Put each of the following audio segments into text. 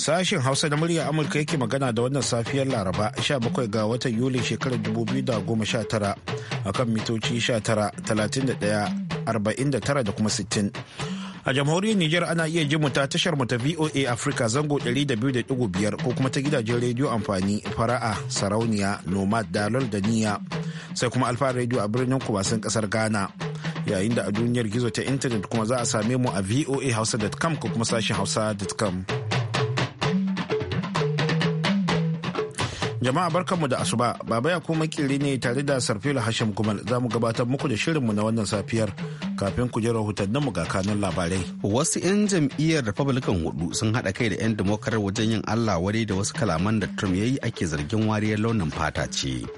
Sashen Hausa na murya Amurka yake magana da wannan safiyar Laraba 17 ga watan yuli shekarar 2019 akan mitoci 19, 31, 49 da kuma 60. a jamhuriyar Nijar ana iya jin ta tashar mu ta VOA Africa zango 200.5 ko kuma ta gidajen rediyo amfani fara'a sarauniya nomad dalol da niya sai kuma alfa rediyo a birnin kubasin kasar Ghana yayin da a duniyar gizo ta intanet kuma za a same mu a VOA hausa.com ko kuma sashen hausa.com. Jama'a barkanmu da asuba, Baba ya kuma kiri ne tare da Sarfila Hashim Gumal za mu gabatar muku da shirinmu na wannan safiyar kafin ku ji rahotannin mu ga kanun labarai. Wasu 'yan jam'iyyar Republican hudu sun haɗa kai da 'yan demokar wajen yin Allah wari da wasu kalaman da Trump ya yi ake zargin wariyar launin fata ce.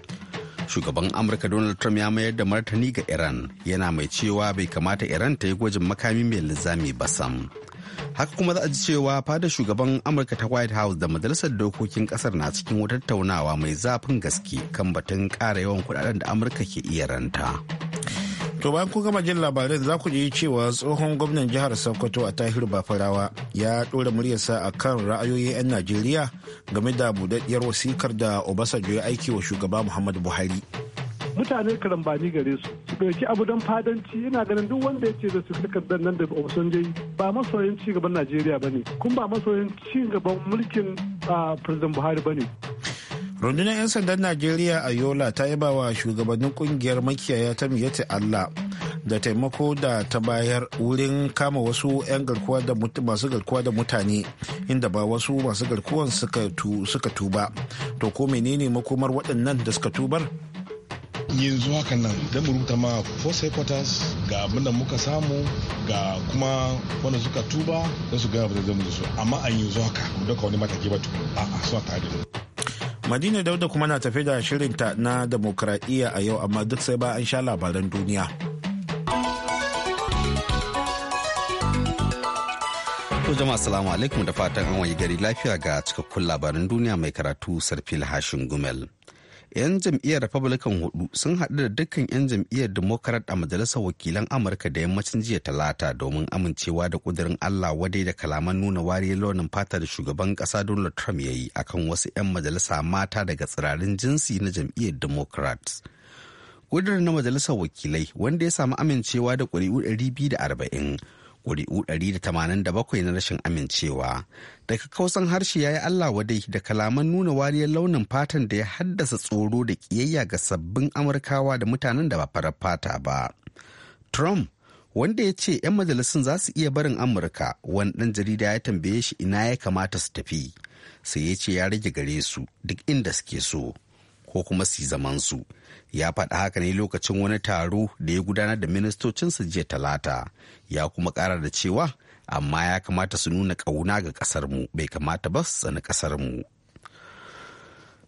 Shugaban Amurka Donald Trump ya mayar da martani ga Iran yana mai cewa bai kamata Iran ta yi gwajin makami mai linzami ba sam. haka kuma za a ji cewa fadar shugaban amurka ta white house da majalisar dokokin kasar na cikin wata tattaunawa mai zafin gaske kan batun kara yawan kudaden da amurka ke iya ranta to bayan kun gama jin labarin za ku ji cewa tsohon gwamnan jihar sokoto a tahir bafarawa ya ɗora muryarsa a kan ra'ayoyin 'yan najeriya game da budaddiyar wasikar da obasanjo ya aiki wa shugaba muhammadu buhari mutane karambani gare su su ɗauki abu don fadanci yana ganin duk wanda ya ce da su takardar nan da jai ba masoyin ci gaban najeriya ba ne kuma ba masoyin ci gaban mulkin president buhari ba ne rundunar 'yan sandan najeriya a yola ta yaba wa shugabannin kungiyar makiyaya ta miyati allah da taimako da ta bayar wurin kama wasu 'yan garkuwa da masu garkuwa da mutane inda ba wasu masu garkuwan suka tuba to ko menene makomar waɗannan da suka tubar yanzu hakan nan da mu rubuta ma force headquarters ga abin da muka samu ga kuma wanda suka tuba da su gaya da zamu su amma an yanzu haka mu daka wani mataki ba tukun a suna tare da Madina Dauda kuma na tafe da shirinta na demokradiyya a yau amma duk sai ba an sha labaran duniya. To jama'a salamu alaikum da fatan an wayi gari lafiya ga cikakkun labaran duniya mai karatu Sarfil Hashin Gumel. 'yan jam'iyyar republican hudu sun haɗu da dukkan 'yan jam'iyyar democrat a majalisar wakilan amurka da yammacin jiya talata domin amincewa da kudirin allah wadai da kalaman nuna wariyar launin fata da shugaban ƙasa donald trump ya yi akan wasu 'yan majalisa mata daga tsirarin jinsi na jam'iyyar democrat kudirin na majalisar wakilai wanda ya samu amincewa da ƙuri'u 240 ƙuri'u 187 na rashin amincewa daga kausan harshe ya yi allah wadai da kalaman nuna wariyar launin fatan da ya haddasa tsoro da ƙiyayya ga sabbin amurkawa da mutanen da ba farar fata ba trump wanda ya ce 'yan majalisun za su iya barin amurka wani ɗan jarida ya tambaye shi ina ya kamata su tafi sai ya ce ya rage gare su duk inda suke so ko kuma su yi zamansu su ya faɗa haka ne lokacin wani taro da ya gudanar da ministocinsa jiya talata ya kuma ƙara da cewa amma ya kamata su nuna ƙauna ga ƙasarmu bai kamata ba su tsani ƙasarmu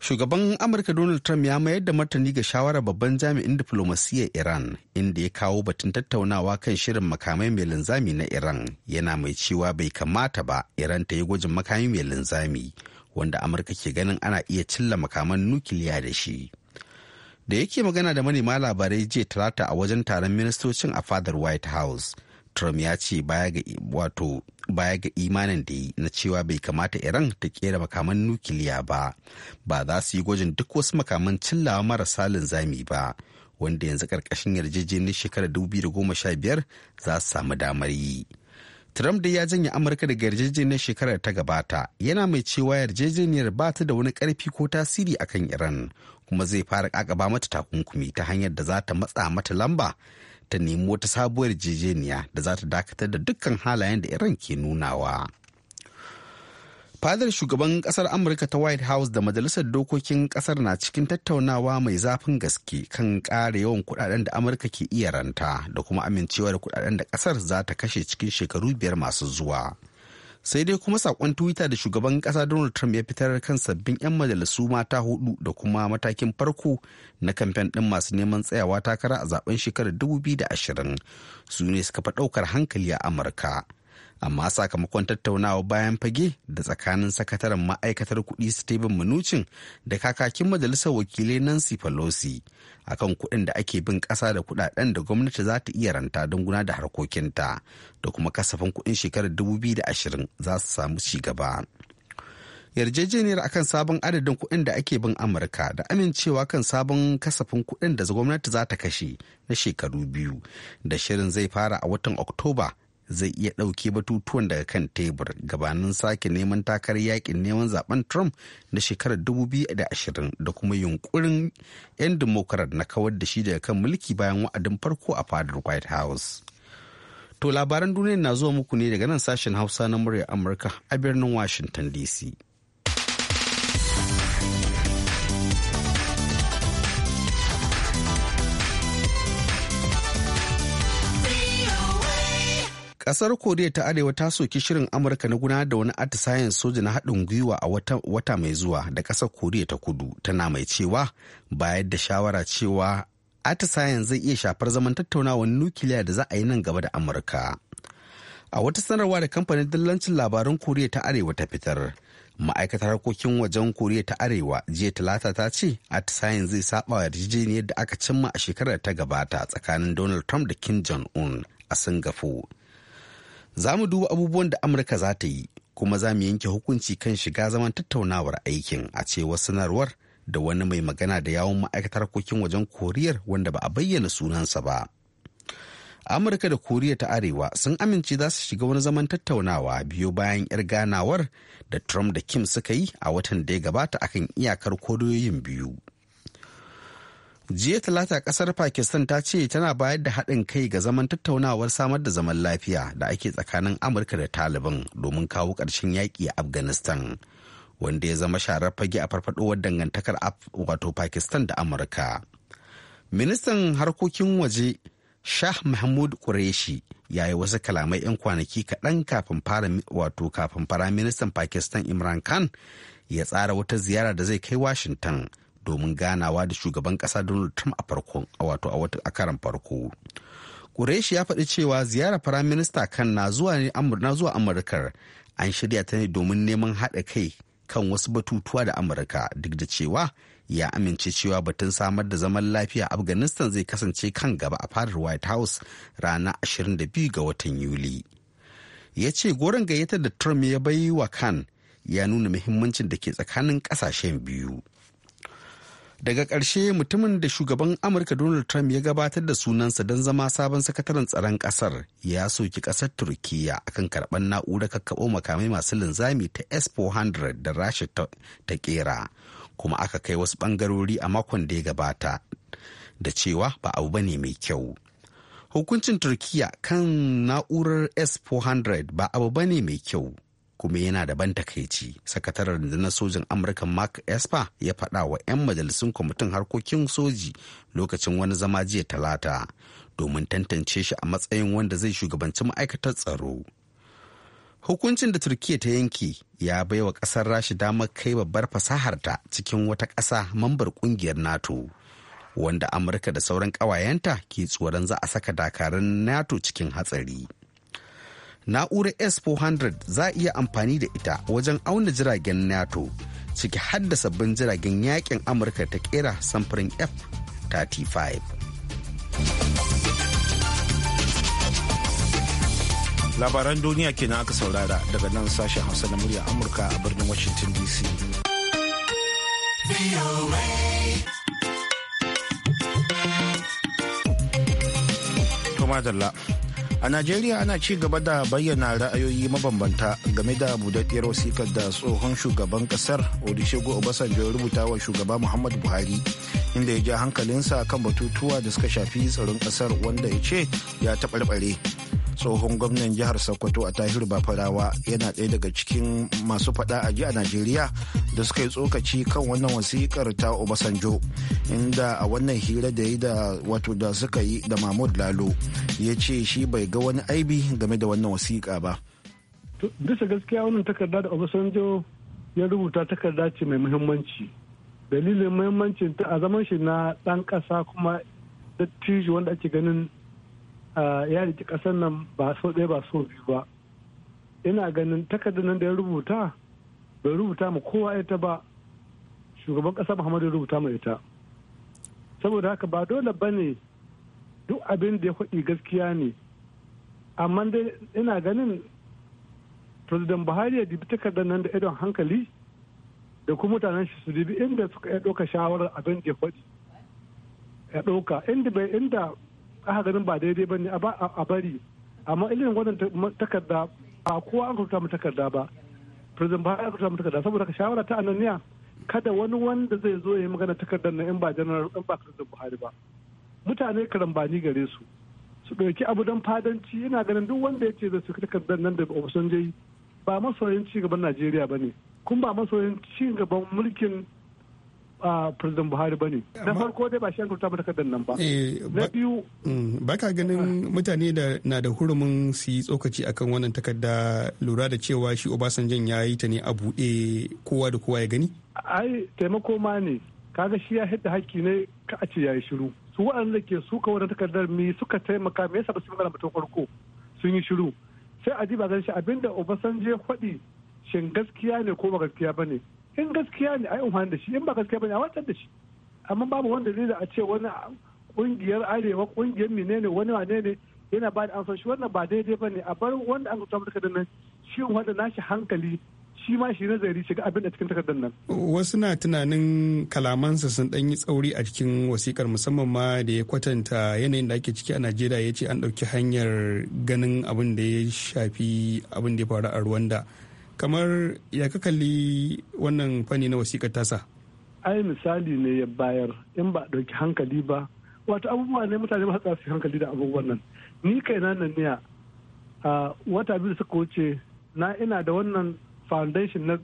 shugaban amurka donald trump ya mayar da martani ga shawarar babban jami'in diflomasiyyar iran inda ya kawo batun tattaunawa kan shirin makamai mai linzami na iran yana mai cewa bai kamata ba iran ta yi gwajin makami mai linzami wanda amurka ke ganin ana iya cilla makaman nukiliya da shi da yake magana da manema labarai jiya talata a wajen taron ministocin a fadar white house trump ya ce baya ga baya ga imanin da yi na cewa bai kamata iran ta kera makaman nukiliya ba ba za su yi gwajin duk wasu makaman cillawa marasa linzami ba wanda yanzu karkashin yarjejeniyar shekarar 2015 za su samu damar yi. Trump da ya janye Amurka daga yarjejeniyar shekarar ta gabata yana mai cewa yarjejeniyar ba ta da wani karfi ko tasiri akan Iran kuma zai fara kakaba mata takunkumi ta hanyar da za ta matsa mata lamba ta nemi wata sabuwar yarjejeniya da za ta dakatar da dukkan halayen da Iran ke nunawa. fadar shugaban kasar amurka ta white house da majalisar dokokin kasar na cikin tattaunawa mai zafin gaske kan ƙara yawan kudaden da amurka ke iya ranta da kuma amincewa da kudaden da kasar za ta kashe cikin shekaru biyar masu zuwa sai dai kuma sakon twitter da shugaban kasa donald trump ya fitar kan sabbin 'yan majalisu mata hudu da kuma matakin farko na kamfen din masu neman tsayawa takara a zaben shekarar 2020 su ne suka fi daukar hankali a amurka amma sakamakon tattaunawa bayan fage da tsakanin sakataren ma'aikatar kuɗi steven mnuchin da kakakin majalisar wakilai nancy pelosi akan kuɗin da ake bin ƙasa da kuɗaɗen da gwamnati za ta iya ranta don guna da harkokinta da kuma kasafin kuɗin shekarar 2020 za su samu ci gaba. yarjejeniyar akan sabon adadin kuɗin da ake bin amurka da amincewa kan sabon kasafin kuɗin da gwamnati za ta kashe na shekaru biyu da shirin zai fara a watan oktoba zai iya ɗauke batutuwan daga kan tebur gabanin sake neman takarar yakin neman zaben trump na shekarar 2020 da kuma yunkurin 'yan democrat na kawar da shi daga kan mulki bayan wa'adin farko a fadar white house to labaran duniya na zuwa muku ne daga nan sashen hausa na murya amurka a birnin washington dc Kasar Koriya ta Arewa ta soki shirin Amurka na gudanar da wani atisayen soja na haɗin gwiwa a wata, mai zuwa da kasar Koriya ta Kudu tana mai cewa bayar da shawara cewa atisayen zai iya shafar zaman tattaunawar nukiliya da za a yi nan gaba da Amurka. A wata sanarwa da kamfanin dillancin labaran Koriya ta Arewa ta fitar, ma'aikatar harkokin wajen Koriya ta Arewa jiya talata ta ce atisayen zai saba yarjejeniyar da aka cimma a shekarar ta gabata tsakanin Donald Trump da Kim Jong-un a Singapore. za mu duba abubuwan da amurka za ta yi kuma za mu yanke hukunci kan shiga zaman tattaunawar aikin a cewar sanarwar da wani mai magana da yawon ma'aikatar harkokin wajen koriyar wanda ba a bayyana sunansa ba amurka da koriya ta arewa sun amince za su shiga wani zaman tattaunawa biyo bayan yar ganawar da trump da kim suka yi a watan da ya gabata akan iyakar kodoyoyin biyu jiya talata kasar pakistan ta ce tana bayar da haɗin kai ga zaman tattaunawar samar da zaman lafiya da ake tsakanin amurka da taliban domin kawo ƙarshen yaƙi a afghanistan wanda ya zama sharar fage a farfadowar dangantakar wato pakistan da amurka ministan harkokin waje shah mahmud qureshi ya yi wasu kalamai 'yan kwanaki kaɗan kafin fara wato kafin fara ministan pakistan imran khan ya tsara wata ziyara da zai kai washington domin ganawa da shugaban kasa donald trump a farkon wato a wata karan farko Kureshi ya faɗi cewa ziyarar firaminista kan na zuwa ne na zuwa amurkar an shirya ta ne domin neman haɗa kai kan wasu batutuwa da amurka duk da cewa ya amince cewa batun samar da zaman lafiya afghanistan zai kasance kan gaba a fadar white house ranar 22 ga watan yuli ya ce goron gayyatar da trump ya bai wa kan ya nuna muhimmancin da ke tsakanin kasashen biyu daga ƙarshe mutumin da shugaban amurka donald trump ya gabatar da sunansa don zama sabon sakataren tsaron ƙasar ya soki ƙasar turkiya akan karɓar na'urar kakkaɓo makamai masu linzami ta s-400 da rasha ta ƙera kuma aka kai wasu ɓangarori a makon da ya gabata da cewa ba abu ba ne mai kyau hukuncin turkiya kan na'urar s-400 ba abu bane mai kyau kuma yana da ban takaici sakataren na sojin amurka mark esper ya faɗa wa 'yan majalisun kwamitin harkokin soji lokacin wani zama jiya talata domin tantance shi a matsayin wanda zai shugabanci ma'aikatar tsaro hukuncin da turkiya ta yanke ya bai wa ƙasar rashi damar kai babbar fasaharta cikin wata ƙasa mambar ƙungiyar nato wanda amurka da sauran ƙawayenta ke tsoron za a saka dakarun nato cikin hatsari na'urar S-400 za a iya amfani da ita wajen auna jiragen NATO ciki da sabbin jiragen yakin Amurka ta kera samfurin F-35. Labaran duniya kenan aka saurara daga nan sashen Hausa na murya Amurka a birnin Washington DC. A Najeriya ana ci gaba da bayyana ra'ayoyi mabambanta game da budaddiyar wasikar da tsohon shugaban kasar Olusegun Obasanjo ya rubuta wa shugaba Muhammadu Buhari inda ya ja hankalinsa kan batutuwa da suka shafi tsaron kasar wanda ya ce ya taɓarɓare. tsohon gwamnan jihar sokoto a tahiru bafarawa yana ɗaya daga cikin masu faɗa a a najeriya da suka yi tsokaci kan wannan wasikar ta obasanjo inda a wannan hira da yi da wato da suka yi da mahmud lalo ya ce shi bai ga wani aibi game da wannan wasiƙa ba bisa gaskiya wannan takarda da obasanjo ya rubuta takarda ce mai muhimmanci dalilin muhimmancin ta a zaman shi na ɗan ƙasa kuma dattijo wanda ake ganin ya riki kasar nan ba so ɗaya ba so biyu ba ina ganin takardar nan da ya rubuta bai rubuta ma kowa ita ba shugaban ƙasa muhammadu rubuta ma ita saboda haka ba dole ba ne duk abin da ya faɗi gaskiya ne amma dai ina ganin president buhari ya dibi takardar nan da idon hankali da kuma mutanen shi su dibi inda suka ya ɗauka shawarar abin da ya faɗi ya ɗauka inda bai inda aka ganin ba daidai ba ne a bari amma ilimin wannan takarda ba kowa an rubuta mu takarda ba president ba an rubuta mu takarda saboda ka shawara ta ananiya kada wani wanda zai zo ya yi magana takardar nan in ba janar in ba president buhari ba mutane karambani gare su su ɗauki abu don fadanci ina ganin duk wanda ya ce zai suka takardar nan da obasanjo ba masoyin ci gaban najeriya ba ne kuma ba masoyin ci gaban mulkin president buhari ba ne na farko dai ba shi an rubuta ba takardar nan ba eh, na biyu mm, ba ka ganin ah. mutane da na da hurumin su yi tsokaci akan wannan takarda lura da cewa shi obasanjan ya yi ta ne a buɗe kowa da kowa ya gani ai taimako ma ne kaga shi ya hidda hakki ne ka a ce ya yi shiru su waɗanda ke suka wannan takardar mi suka taimaka me yasa ba su magana mutum farko sun yi shiru sai a ji ba ganin shi abinda obasanjo ya faɗi shin gaskiya ne ko ba gaskiya ba ne in gaskiya ne a yi umarni da shi in ba gaskiya ba ne a watsar da shi amma babu wanda zai da a ce wani kungiyar arewa kungiyar mine ne wani wane ne yana ba da amsar shi wannan ba daidai ba ne a bar wanda an rubuta takardar nan shi wanda nashi hankali shi ma shi nazari shiga abin da cikin takardar nan. Wasu na tunanin kalamansa sun dan yi tsauri a cikin wasikar musamman ma da ya kwatanta yanayin da ake ciki a Najeriya ya ce an ɗauki hanyar ganin abin da ya shafi abin da ya faru a Rwanda. kamar ya ka kalli wannan fani na wasikar tasa ai misali ne ya bayar in ba ɗauki hankali ba wato abubuwa ne mutane ba su hankali da abubuwan nan ni kai na nan ne a wata biyu suka wuce na ina da wannan foundation na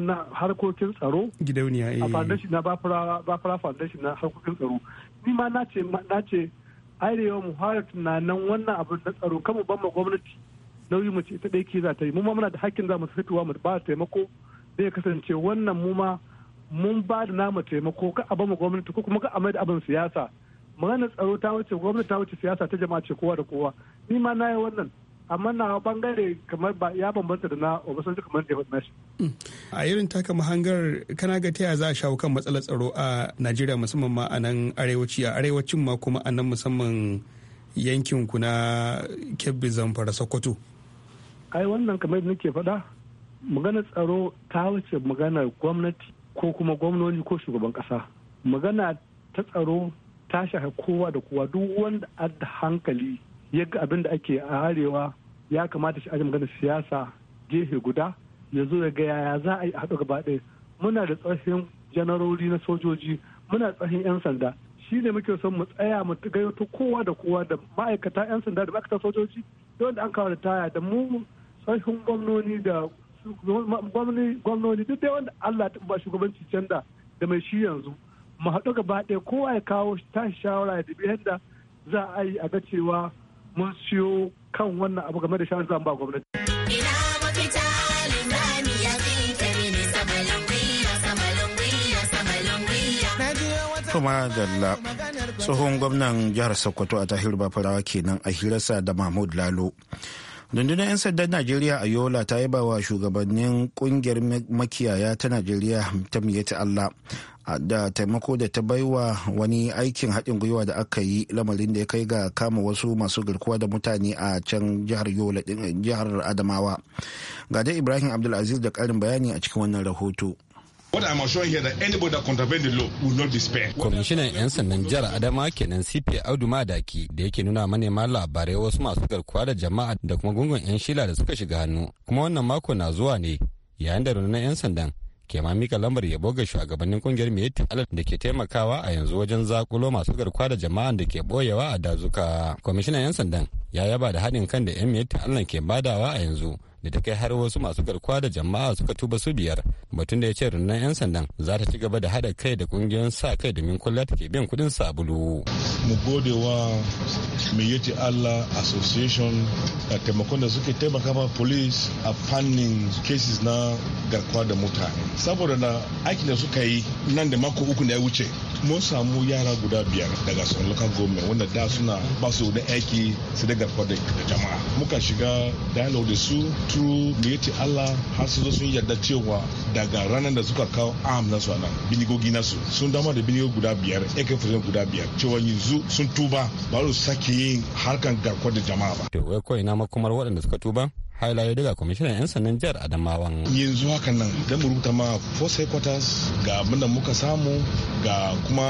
na harkokin tsaro gidauniya a eh. foundation na bafara foundation na harkokin tsaro ni ma na ce na ce arewa mu na tunanin wannan abu na tsaro kama ban ma gwamnati nauyi mace ita ɗaya ke za ta yi mu ma muna da hakkin za mu fitowa mu ba taimako zai kasance wannan mu ma mun ba da namu taimako ka a bamu gwamnati ko kuma ka a mai da abin siyasa magana tsaro ta wuce gwamnati ta wuce siyasa ta jama'a ce kowa da kowa ni ma na yi wannan amma na bangare kamar ba ya bambanta da na obasanjo kamar da na mm. a irin taka mahangar kana ga ta za a shawo kan matsalar tsaro a najeriya musamman ma a nan arewaci a arewacin ma kuma a nan musamman yankin ku na kebbi zamfara sokoto. ai wannan kamar nake faɗa maganar tsaro ta wuce maganar gwamnati ko kuma gwamnoni ko shugaban ƙasa magana ta tsaro ta shafi kowa da kowa duk wanda adda hankali ya ga abin da ake a arewa ya kamata shi aje maganar siyasa gefe guda ya zo ya ga yaya za a yi haɗu gaba ɗaya muna da tsohon janarori na sojoji muna tsohon 'yan sanda shi ne muke son mu tsaya mu gayyato kowa da kowa da ma'aikata 'yan sanda da ma'aikatan sojoji da an kawo da taya da mu sashen gwamnoni da gwamnoni duk dai wanda Allah ta ba shugabanci can da mai shi yanzu mu haɗu gaba ɗaya kowa ya kawo ta shawara da yadda za a yi a ga cewa mun siyo kan wannan abu game da shawar zan ba gwamnati. kuma la tsohon gwamnan jihar sokoto a tahiru bafarawa kenan a hirarsa da mahmud lalo rundunar 'yan sandan najeriya a yola ta yaba wa shugabannin kungiyar makiyaya ta najeriya ta miyati allah da taimako da ta baiwa wani aikin haɗin gwiwa da aka yi lamarin da ya kai ga kama wasu masu garkuwa da mutane a can jihar yola jihar adamawa ga ibrahim abdulaziz da ƙarin bayani a cikin wannan rahoto What I'm assuring here that anybody that contravened the law will not be spared. Kwamishinan 'yan sandan jihar Adama kenan CP Audu Madaki da yake nuna manema labarai wasu masu garkuwa da jama'a da kuma gungun 'yan shila da suka shiga hannu. Kuma wannan mako na zuwa ne yayin da rundunar 'yan sandan ke ma mika lambar yabo ga shugabannin kungiyar Miyetti Alal da ke taimakawa a yanzu wajen zakulo masu garkuwa da jama'a da ke boyewa a dazuka. Kwamishinan 'yan sandan ya yaba da haɗin kan da 'yan Miyetti Alal ke badawa a yanzu. da ta kai har wasu masu garkuwa da jama'a suka tuba su biyar batun da ya ce rundunar 'yan sandan za ta ci gaba da haɗa kai da ƙungiyoyin sa kai domin kula ta ke biyan kuɗin sabulu. mu gode wa miyetti allah association da taimakon da suke taimaka ma police a fannin cases na garkuwa da mutane saboda na aikin da suka yi nan da mako uku na ya wuce mun samu yara guda biyar daga sun local government wanda da suna ba su da aiki su da garkuwa da jama'a muka shiga dialogue da su rubutu gayyati Allah har su zo sun yarda cewa daga ranar da suka kawo am nasu anan binigogi su sun dama da binigogi guda biyar ak guda biyar cewa yanzu sun tuba ba su sake yin harkan garkuwar da jama'a ba. To wai ko ina makomar waɗanda suka tuba? hailayo daga kwamishinan 'yan sandan jihar adamawan yanzu haka nan da mu rubuta ma force headquarters ga abinda muka samu ga kuma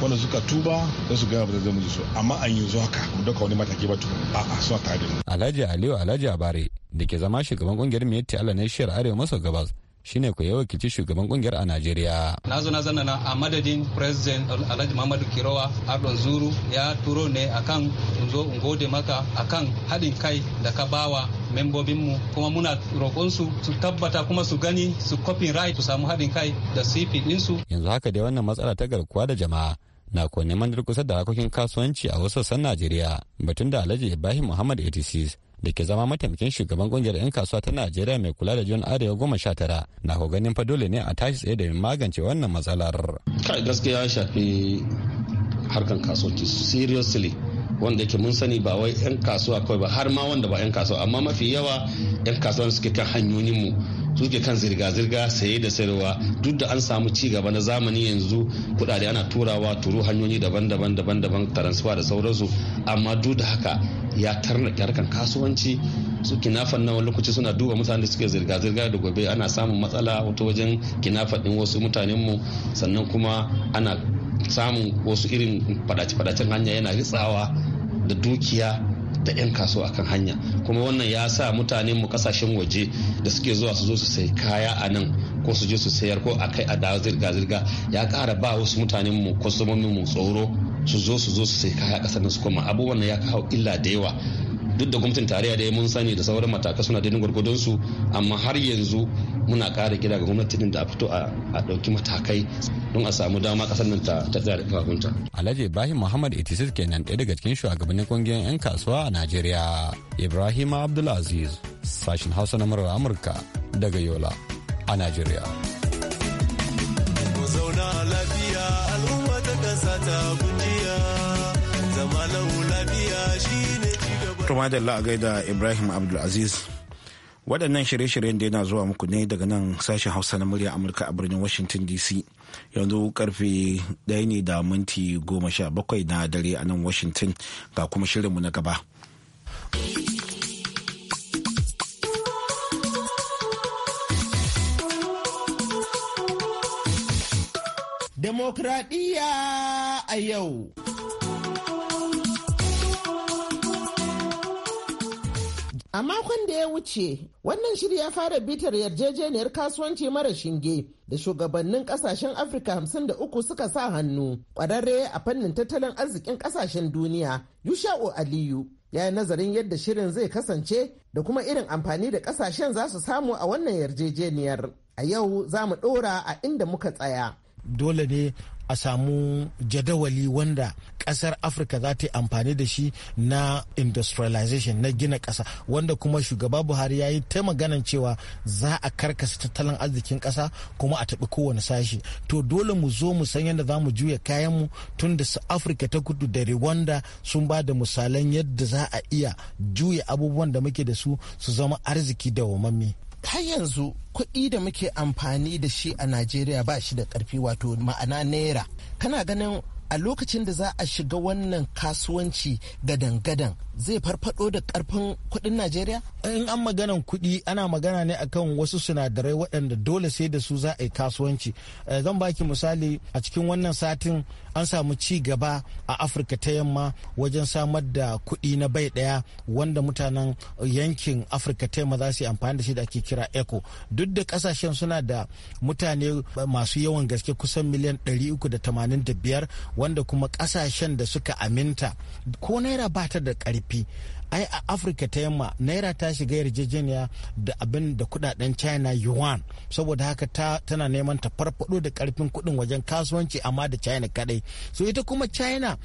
wanda suka tuba da su gaya ba zai su amma an yanzu haka mu dauka wani mataki ba a'a suna tare da mu alhaji aliyu alhaji abare da ke zama shugaban kungiyar miyatti allah na shiyar arewa maso gabas shine ku yi wakilci shugaban kungiyar a Najeriya. Na zo na zanna na a madadin President Alhaji Muhammadu Kirowa Ardon Zuru ya turo ne akan in zo in gode maka akan haɗin kai da ka bawa membobinmu kuma muna roƙon su tabbata kuma su gani su kofin right su samu haɗin kai da sifi ɗinsu. Yanzu haka dai wannan matsala ta garkuwa da jama'a na kone mandir kusa da harkokin kasuwanci a wasu sassan Najeriya batun da Alhaji Ibrahim Muhammad 86 da ke zama mataimakin shugaban kungiyar 'yan kasuwa ta najeriya mai kula da john arewa goma sha tara na ko ganin fa dole ne a tashi tsaye da magance wannan matsalar kai gaskiya ya shafi harkan kasuwanci seriously wanda yake mun sani ba wai 'yan kasuwa kawai ba har ma wanda ba 'yan kasuwa amma mafi yawa 'yan kasuwa suke kan hanyoyin mu. suke kan zirga-zirga saye da sayarwa duk da an samu ci gaba na zamani yanzu kudade ana turawa turu hanyoyi daban-daban daban-daban taransifa da sauransu amma duk da haka ya tarnake harkan kasuwanci su kinafan nawa lokaci suna duba mutane suke zirga-zirga da gobe ana samun matsala wata wajen kinafa din wasu mutanen mu sannan kuma ana samun wasu irin fadace-fadacen hanya yana ritsawa da dukiya da 'yan kasuwa kan hanya kuma wannan ya sa mutane mu kasashen waje da suke zuwa su zo su sai kaya a nan ko su je su sayar ko a kai a da zirga-zirga ya kara ba wasu mutanen mu kwastomomin mu tsoro su zo su zo su sai kaya kasar na su koma abubuwan ya kawo illa da yawa duk da gwamnatin tarayya da mun sani da sauran matakai suna daidai gwargwadon su amma har yanzu muna kara kira ga gwamnatin da a fito a dauki matakai don a samu dama kasar nan ta tsaya da kafafunta. Alhaji Ibrahim Muhammad Itisis kenan ɗaya daga cikin shugabannin ƙungiyar 'yan kasuwa a Najeriya. Ibrahim Abdulaziz sashen Hausa na murar Amurka daga Yola a Najeriya. Tuma da gaida Ibrahim Abdulaziz. Waɗannan shirye-shiryen da yana zuwa muku ne daga nan sashen Hausa na murya Amurka a birnin Washington DC. Yanzu karfe ɗaya ne da minti goma sha bakwai na dare a nan Washington ga kuma shirinmu na gaba. Demokradiyya a yau. A makon da ya wuce, wannan shiri ya fara bitar yarjejeniyar kasuwanci mara shinge da shugabannin kasashen Afirka 53 suka sa hannu kwararre a fannin tattalin arzikin kasashen duniya, Yusha'u Aliyu. Ya yi nazarin yadda shirin zai kasance da kuma irin amfani da kasashen za su samu a wannan yarjejeniyar. A yau za mu ɗora a inda muka tsaya. Dole ne a samu jadawali wanda kasar afirka za ta yi amfani da shi na industrialization na gina kasa wanda kuma shugaba buhari ya yi ta maganan cewa za a karkasa tattalin arzikin kasa kuma a taɓi kowane sashi to dole mu zo mu san yadda za mu juya kayanmu tun da su afirka ta kudu da rwanda sun ba da misalan yadda za a iya juya abubuwan da muke da su su zama arziki da wamammi har yanzu kuɗi da muke amfani da shi a najeriya ba shi da ƙarfi wato ma'ana naira kana ganin a lokacin da za a shiga wannan kasuwanci gadan-gadan zai farfado da karfin kudin najeriya in an maganan kudi ana magana ne akan wasu sinadarai waɗanda dole sai da su za a yi kasuwanci eh, zan baki misali a cikin wannan satin an samu ci gaba a afirka ta yamma wajen samar da kudi na bai ɗaya wanda mutanen yankin afirka ta yamma za su yi amfani da shi da ake kira eco duk da kasashen suna da mutane masu yawan gaske kusan miliyan 385 wanda kuma kasashen da suka aminta ko naira ba ta da karfi ai a afirka ta yamma naira ta shiga yarjejeniya da abin da kudaden china yuan saboda haka ta tana neman ta farfado da karfin kudin wajen kasuwanci amma da china kadai so ita kuma china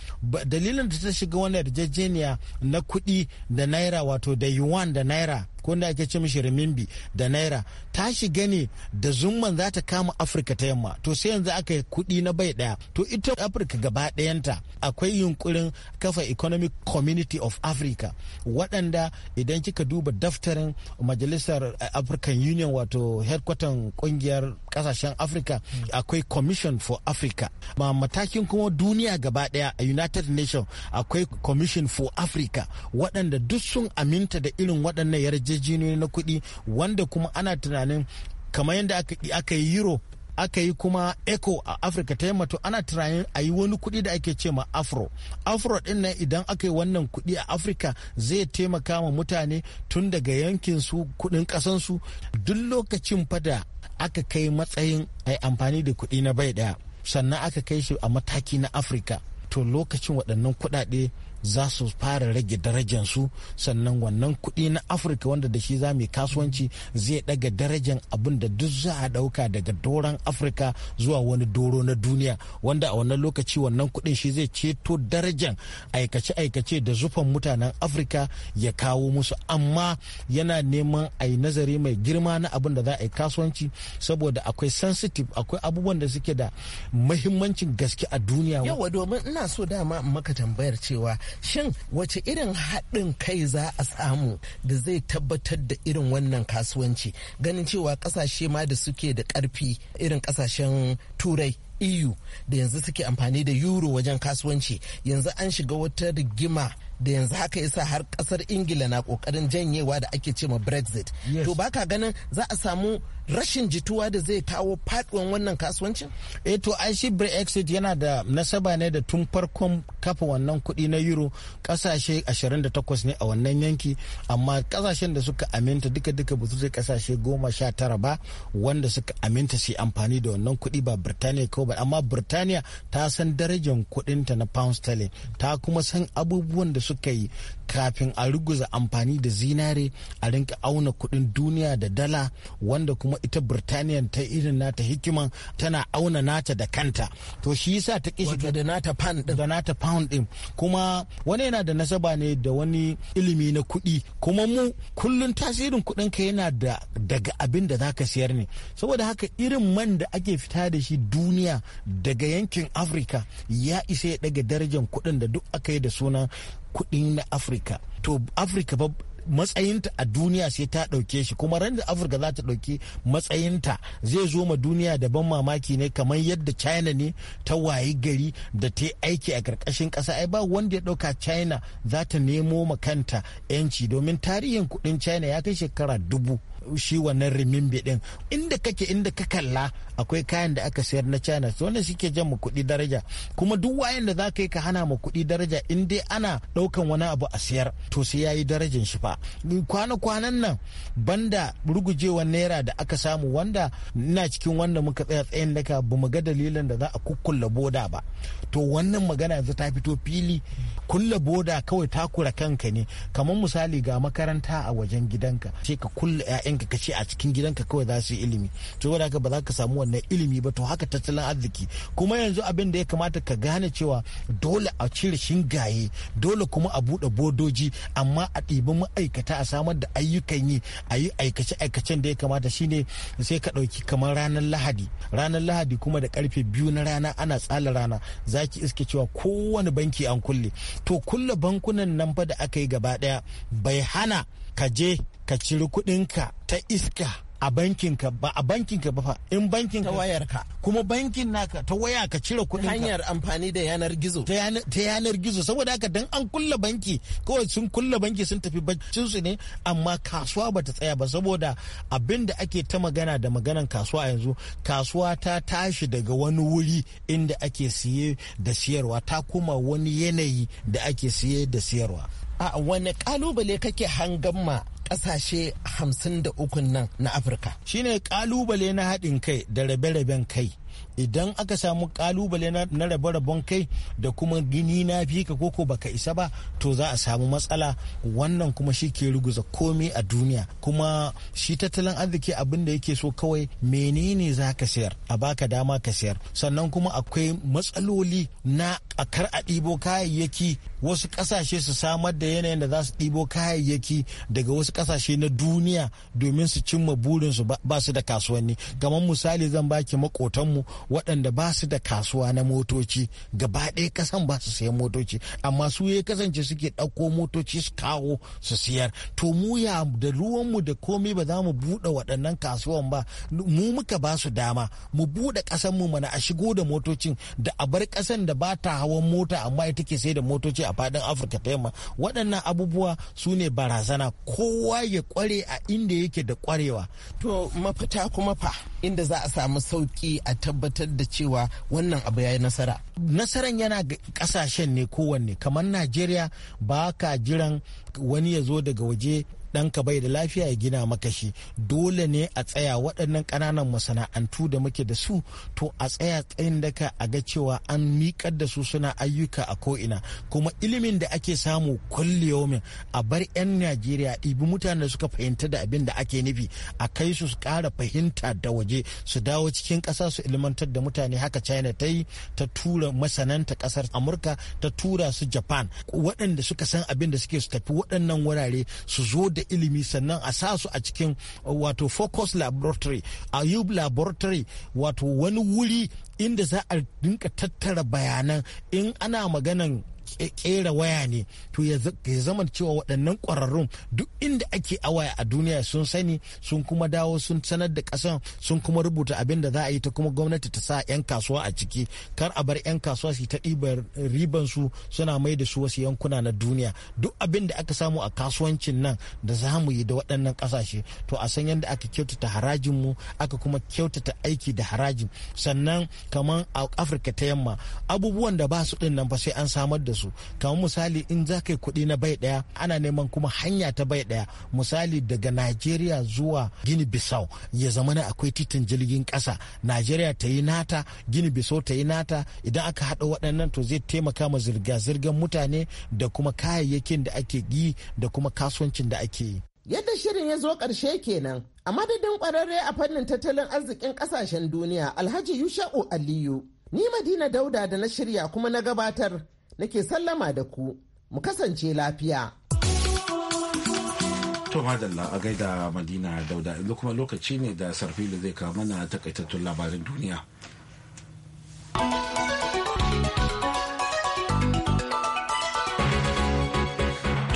dalilin da ta shiga wannan yarjejeniya na kudi da naira wato da yuan da naira ko da ake ce mishi rimimbi da naira ta shiga ne da zumman za ta kama afirka ta yamma to sai yanzu aka yi kuɗi na bai ɗaya to ita afirka gaba dayanta akwai yunkurin kafa economic community of africa waɗanda idan kika duba daftarin majalisar eh, african union wato headquarter kungiyar kasashen afirka akwai commission for africa ma matakin kuma duniya gaba daya a united Nation akwai commission for africa waɗanda duk sun aminta da irin waɗannan yarjejeniyoyi na kuɗi wanda kuma ana tunanin kamar yadda aka yi euro aka yi kuma echo a afirka ta yamma to ana tunanin a yi wani kuɗi da ake ce ma afro afro ɗin nan idan aka yi wannan kuɗi a afirka zai taimaka ma mutane tun daga yankin su kuɗin ƙasansu duk lokacin fada aka kai matsayin a yi amfani da kuɗi na bai ɗaya sannan aka kai shi a mataki na afirka to lokacin waɗannan kuɗaɗe za su fara rage darajan su sannan wannan kuɗi na afirka wanda da shi za mu kasuwanci zai daga darajan abin da duk za a ɗauka daga doron afirka zuwa wani doro na duniya wanda a wannan lokaci wannan kuɗin shi zai ceto darajan aikace-aikace da zufan mutanen afirka ya kawo musu amma yana neman a yi nazari mai girma na abin da za a yi kasuwanci saboda akwai sensitive akwai abubuwan da suke da mahimmancin gaske a duniya yawa domin ina so dama maka tambayar cewa shin wace irin haɗin kai za a samu da zai tabbatar da irin wannan kasuwanci ganin cewa ƙasashe ma da suke da ƙarfi irin ƙasashen turai eu da yanzu suke amfani da euro wajen kasuwanci yanzu an shiga wata rigima da yanzu haka yasa har kasar ingila na kokarin janyewa da ake ce ma brexit to baka ganin za a samu rashin jituwa da zai kawo faduwan wannan kasuwancin eh to ai shi brexit yana da nasaba ne da tun farkon kafa wannan kuɗi na euro kasashe 28 ne a wannan yanki amma kasashen da suka aminta duka duka ba su kasashe goma sha tara ba wanda suka aminta su amfani da wannan kuɗi ba birtaniya ko ba amma birtaniya ta san darajar kuɗinta na pound sterling ta kuma san abubuwan da suka yi kafin a ruguza amfani da zinare a rinka auna kuɗin duniya da dala wanda kuma ita birtaniya ta irin nata hikima tana auna nata da kanta to shi yasa ta kishi da nata pound da nata pound din kuma wani yana da nasaba ne da wani ilimi na kuɗi kuma mu kullun tasirin kuɗin ka yana da daga abin da zaka siyar ne saboda haka irin man da ake fita da shi duniya daga yankin afirka ya isa ya daga darajar kuɗin da duk aka yi da sunan kuɗi na afirka to afirka matsayinta a duniya sai ta ɗauke shi kuma randa da afirka za ta ɗauki matsayinta zai zo ma duniya da ban mamaki ne kamar yadda china ne ta wayi gari da ta aiki a ƙarƙashin ƙasa ai ba wanda ya ɗauka china za ta nemo ma kanta 'yanci domin tarihin kuɗin china ya kai shekara dubu shi wannan rimin din inda kake inda ka kalla akwai kayan da aka sayar na china su wanda suke jan mu kuɗi daraja kuma duk wayan da za ka yi ka hana mu kuɗi daraja in dai ana ɗaukan wani abu a sayar to sai ya yi darajan shi fa kwana-kwanan nan banda rugujewar naira da aka samu wanda ina cikin wanda muka tsaya tsayin daga ba mu ga dalilin da za a kukkulla boda ba to wannan magana yanzu ta fito fili kulla boda kawai takura kanka ne kamar misali ga makaranta a wajen gidanka sai ka kulla 'ya'yanka ka ce a cikin gidanka kawai za su yi ilimi to wanda haka ba za ka samu wannan ilimi ba to haka tattalin arziki kuma yanzu abin da ya kamata ka gane cewa dole a cire shingaye dole kuma a buɗe bodoji amma a ɗibi ma'aikata ma'aikata a samar da ayyukan yi a yi aikace-aikacen da ya kamata shine sai ka ɗauki kamar ranar lahadi ranar lahadi kuma da karfe biyu na rana ana tsala rana zaki iske cewa kowane banki an kulle to kulle bankunan nan fa da aka yi gaba ɗaya bai hana ka je ka ciri kuɗinka ta iska a bankin ka ba a bankin ka ba fa in bankin ka wayar ka kuma bankin naka ta waya ka cire kuɗin hanyar amfani da yanar gizo ta yanar gizo saboda haka dan an kulle banki kawai sun kulle banki sun tafi baccin su ne amma kasuwa ba ta tsaya ba saboda abinda ake ta magana da maganan kasuwa yanzu kasuwa ta tashi daga wani wuri inda ake siye da siyarwa ta kuma wani yanayi da ake siye da siyarwa a wani kalubale kake hangan ma kasashe 53 nan na afirka shine kalubale na haɗin kai da rabe-raben kai idan aka samu kalubale na rabe-raben kai da kuma gini na fika koko baka isa ba to za a samu matsala wannan kuma shi ke ruguza komi a duniya kuma shi tattalin arziki abin da yake so kawai menene za ka sayar a baka dama ka sayar sannan kuma akwai matsaloli na a kar a ɗibo kayayyaki wasu kasashe su samar da yanayin da za su ɗibo kayayyaki daga wasu kasashe na duniya domin su cimma burinsu ba su da kasuwanni kamar misali zan baki makotanmu waɗanda ba su da kasuwa na motoci gaba ɗaya kasan ba su sayan motoci amma su ya kasance suke ɗauko motoci su kawo su siyar to mu ya da ruwanmu da komai ba za mu buɗe waɗannan kasuwan ba mu muka ba su dama mu buɗe ƙasanmu mana a shigo da motocin da a bar ƙasan da ba ta hawan mota amma ita ke sai da motoci a fadin afirka ta yamma waɗannan abubuwa su ne barazana kowa ya kware a inda yake da kwarewa to mafita kuma fa inda za a samu sauki a tabbatar da cewa wannan abu ya yi nasara nasaran yana kasashen ne kowanne kamar najeriya ba ka jiran wani ya zo daga waje ka bai da lafiya ya gina maka shi dole ne a tsaya waɗannan ƙananan masana'antu da muke da su to a tsaya tsayin daka a ga cewa an miƙar da su suna ayyuka a ko'ina kuma ilimin da ake samu kulle yomin a bar 'yan najeriya ɗibi mutanen da suka fahimta da abin da ake nufi a kai su ƙara fahimta da waje su dawo cikin ƙasa su ilmantar da mutane haka china ta yi ta tura masananta ƙasar amurka ta tura su japan waɗanda suka san abin da suke su tafi waɗannan wurare su zo da ilimi sannan a sa su a cikin uh, wato focus laboratory a yi laboratory wato wani wuri inda za a dinka tattara bayanan in ana maganan kera waya ne to ya zama cewa waɗannan ƙwararrun duk inda ake awaya a duniya sun sani sun kuma dawo sun sanar da ƙasan sun kuma rubuta abin da za a yi ta kuma gwamnati ta sa 'yan kasuwa a ciki kar a bar 'yan kasuwa su ta ɗibar riban su suna mai da su wasu yankuna na duniya duk abin da aka samu a kasuwancin nan da za mu yi da waɗannan ƙasashe to a san yadda aka kyautata harajin mu aka kuma kyautata aiki da harajin sannan kamar a afirka ta yamma abubuwan da ba su ɗin nan ba sai an samar da su kamar misali in za ka yi kuɗi na bai ɗaya ana neman kuma hanya ta bai ɗaya misali daga najeriya zuwa gini bisau ya zama na akwai titin jirgin ƙasa najeriya ta yi nata gini bisau ta yi nata idan aka haɗa waɗannan to zai taimaka ma zirga-zirgar mutane da kuma kayayyakin da ake yi da kuma kasuwancin da ake yi yadda shirin ya zo ƙarshe kenan a madadin ƙwararre a fannin tattalin arzikin ƙasashen duniya alhaji yusha'u aliyu ni madina dauda da na shirya kuma na gabatar nake sallama da ku mu kasance lafiya. To madalla a gaida Madina Dauda yanzu kuma lokaci ne da Sarfilu zai kawo mana takaitattun labarin duniya.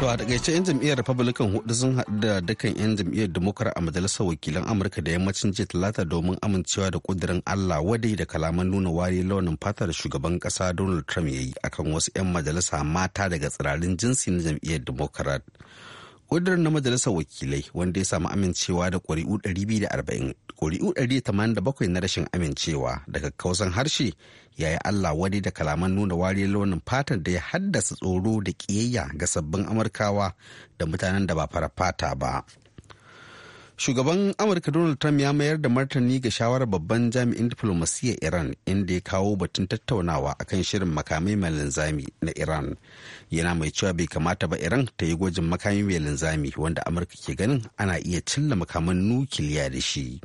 To a takaice 'yan jam'iyyar Republican hudu sun haɗu da dukkan 'yan jam'iyyar Democrat a majalisar wakilan Amurka da yammacin jiya talata domin amincewa da kudirin Allah wadai da kalaman nuna wari launin fata shugaban kasa Donald Trump ya yi akan wasu 'yan majalisa mata daga tsirarin jinsi na jam'iyyar Democrat. kudur na majalisar wakilai wanda ya samu amincewa da ƙuri'u 240 ƙuri'u 187 na rashin amincewa daga kausan harshe ya yi allah wani da kalaman nuna wariyar launin fatan da ya haddasa tsoro da ƙiyayya ga sabbin amurkawa da mutanen da ba fara fata ba shugaban amurka donald trump ya mayar da martani ga shawarar babban jami'in diflomasiyyar iran inda ya kawo batun tattaunawa a kan shirin makamai mai linzami na iran yana mai cewa bai kamata ba iran ta yi gwajin makami mai linzami wanda amurka ke ganin ana iya cilla makaman nukiliya da shi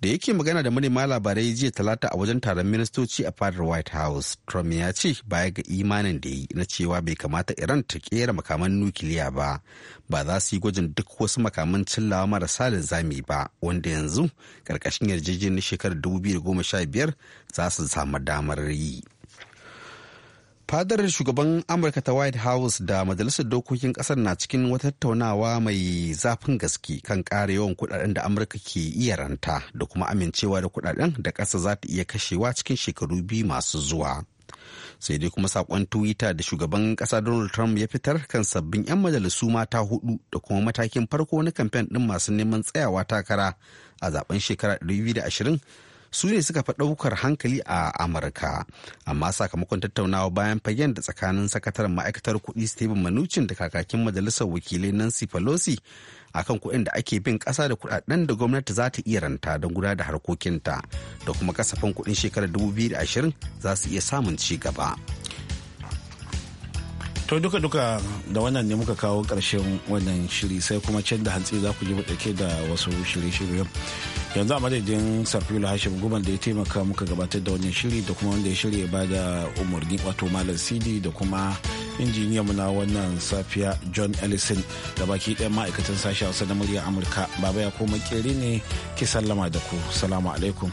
da yake magana da manema labarai jiya talata a wajen taron ministoci a fadar white house trump ya ce baya ga imanin da yi na cewa bai kamata iran ta kera makaman nukiliya ba ba za su yi gwajin duk wasu makaman cillawa marasa linzami ba wanda yanzu karkashin yarjejeniyar shekarar 2015 za su samu damar yi. fadar shugaban amurka ta white house da majalisar dokokin kasar na cikin wata tattaunawa mai zafin gaske kan ƙara yawan kudaden da amurka ke iya ranta da kuma amincewa da kudaden da ƙasa za ta iya kashewa cikin shekaru biyu masu zuwa sai dai kuma sakon twitter da shugaban ƙasa donald trump ya fitar kan sabbin 'yan majalisu mata hudu da kuma matakin farko na kamfen ɗin masu neman tsayawa takara a zaben shekarar 2020 su ne suka fi ɗaukar hankali a amurka amma sakamakon tattaunawa bayan fagen da tsakanin sakataren ma'aikatar kuɗi stephen manucin da kakakin majalisar wakilai nancy pelosi kan kuɗin da ake bin ƙasa da kuɗaɗen da gwamnati za ta iya ranta don guda da harkokinta da kuma kasafin kuɗin shekarar 2020 za su iya samun ci gaba. to duka duka da wannan ne muka kawo karshen wannan shiri sai kuma can da hantsi za ku ji dauke da wasu shirye shirye yanzu a madadin sarfilo hashim guban da ya taimaka muka gabatar da wannan shiri da kuma wanda ya shirya ba da umarni wato malam cd da kuma injiniya mu na wannan safiya john ellison da baki ɗaya ma'aikatan sashi hausa na murya amurka baba ya koma ƙeri ne ki sallama da ku salamu alaikum